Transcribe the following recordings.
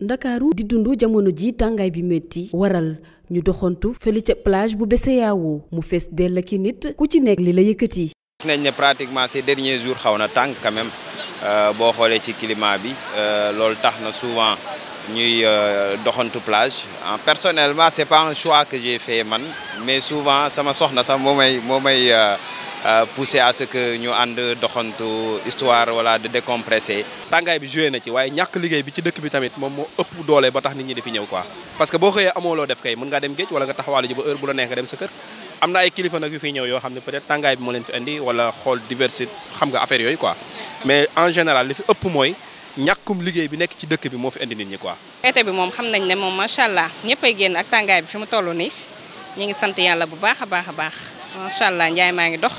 ndakaaru di dundu jamono ji tàngaay bi métti waral ñu doxantu fële ca plage bu Besseyaawo mu fees dell ki nit ku ci nekk li la yëkkati. gis nañ ne pratiquement ces derniers jours xaw na tàng quand euh, boo xoolee ci climat bi euh, loolu tax na souvent ñuy euh, doxantu plage personnellement c'est pas un choix que j'ai fait man mais souvent sama soxna sax moo may moo may. Euh, poussé à ce que ñu ànd doxantu histoire wala de décompresser. tàngaay bi joué na ci waaye ñàkk liggéey bi ci dëkk bi tamit moom moo ëpp doole ba tax nit ñi di fi ñëw quoi parce que boo xëyee amoo loo def kay mën ngaa dem géej wala nga taxawaale ji ba heure bu la neex nga dem sa kër. am na ay kilifa nag yu fiy ñëw yoo xam ne peut-être tàngaay bi moo leen fi indi wala xool diversité xam nga affaire yooyu quoi mais en général li fi ëpp mooy ñàkkum liggéey bi nekk ci dëkk bi moo fi indi nit ñi quoi. été bi moom xam ne moom macha allah ñëppay génn ak tàngaay bi fi mu toll nii ngi sant yàlla bu baax a baax a baax macha allah njaay maa ngi dox.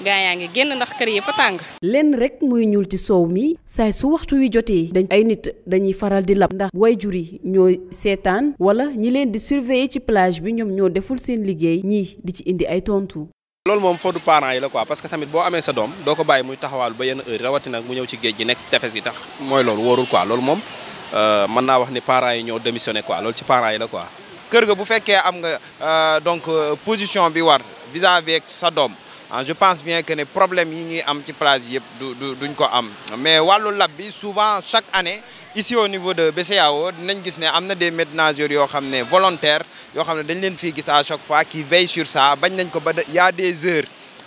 gaa yaa ngi génn ndax kër yëpp tàng. lenn rek muy ñuul ci soow mi saay su waxtu wi jotee dañ ay nit dañuy faral di lab ndax wayjur yi ñooy seetaan wala ñi leen di surveiller ci plage bi ñoom ñoo deful seen liggéey ñii di ci indi ay tontu. loolu moom foodu parent yi la quoi parce que tamit boo amee sa doom doo bàyyi muy taxawaalu ba yenn heure mu ñëw ci géej gi nekk tefes yi tax mooy loolu wóorul quoi loolu moom euh, mën naa wax ni parents yi ñoo démissionné quoi loolu ci parents yi la quoi. kër ga bu fekkee am nga euh, donc euh, position bi war vis à sa doom. ah je pense bien que ne problème yi ñuy am ci plage yëpp du du ko am mais wàllu lab bi souvent chaque année ici au niveau de BCEAO dinañ gis ne am na des maîtres nageurs yoo xam ne volontaires yoo xam ne dañ leen fii gis à chaque fois qui veille sur ça bañ nañ ko ba y des heures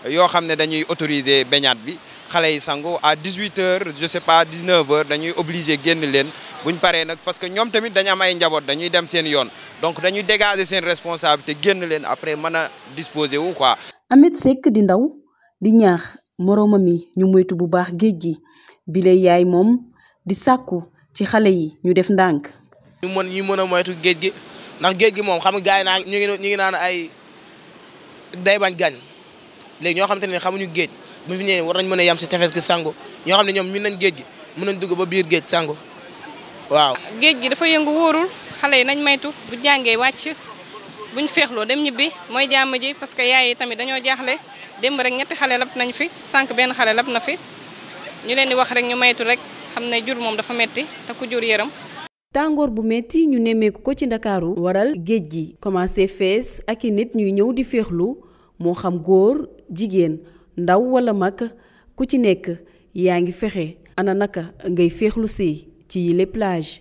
yoo xam ne dañuy autoriser baignade bi xale yi sangu à 18 heures je sais pas 19 heures dañuy obligé génn leen buñ paree nag parce que ñoom tamit dañu am ay njaboot dañuy dem seen yoon donc dañuy dégager seen responsabilité génn leen après mën a disposer wu quoi Ahmed Seck di ndaw di ñaax moroomam yi ñu moytu bu baax géej gi bile yaay moom di sàkku ci xale yi ñu def ndànk. ñu mën ñu mën a moytu géej gi ndax géej gi moom xam nga gars yi naa ñu ngi ñu ngi ay day bañ gaañ léegi ñoo xam te ne xamuñu géej bu war nañ mën a yem si tefes gi sangu ñoo xam ne ñoom mën nañ géej gi nañ dugg ba biir géej sangu waaw. géej gi dafa yëngu wóorul xale nañ maytu bu jàngee wàcc. buñ feexloo dem ñibbi mooy jàmm ji parce que yaay yi tamit dañoo jaaxle démb rek ñetti xale lab nañ fi sànq benn xale lab na fi ñu leen di wax rek ñu maytu rek xam ne jur moom dafa metti te ku jur yërëm. tàngoor bu metti ñu nemmeeku ko ci ndakaaru waral géej gi commencé fees ak i nit ñuy ñëw di féexlu moo xam góor jigéen ndaw wala mag ku ci nekk yaa ngi fexe ana naka ngay féexlu si ci yile plage